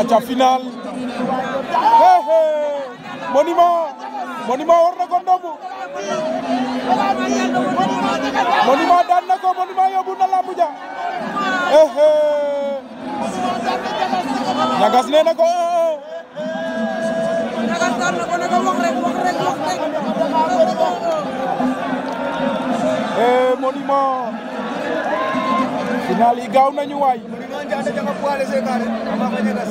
aca final ehe monument monument war na ko daan na ko monument yóbbu na lambu ja ehe ñagas nee na ko e monument final yi gaaw nañu waay jande jaga puale sekare amaka nyegas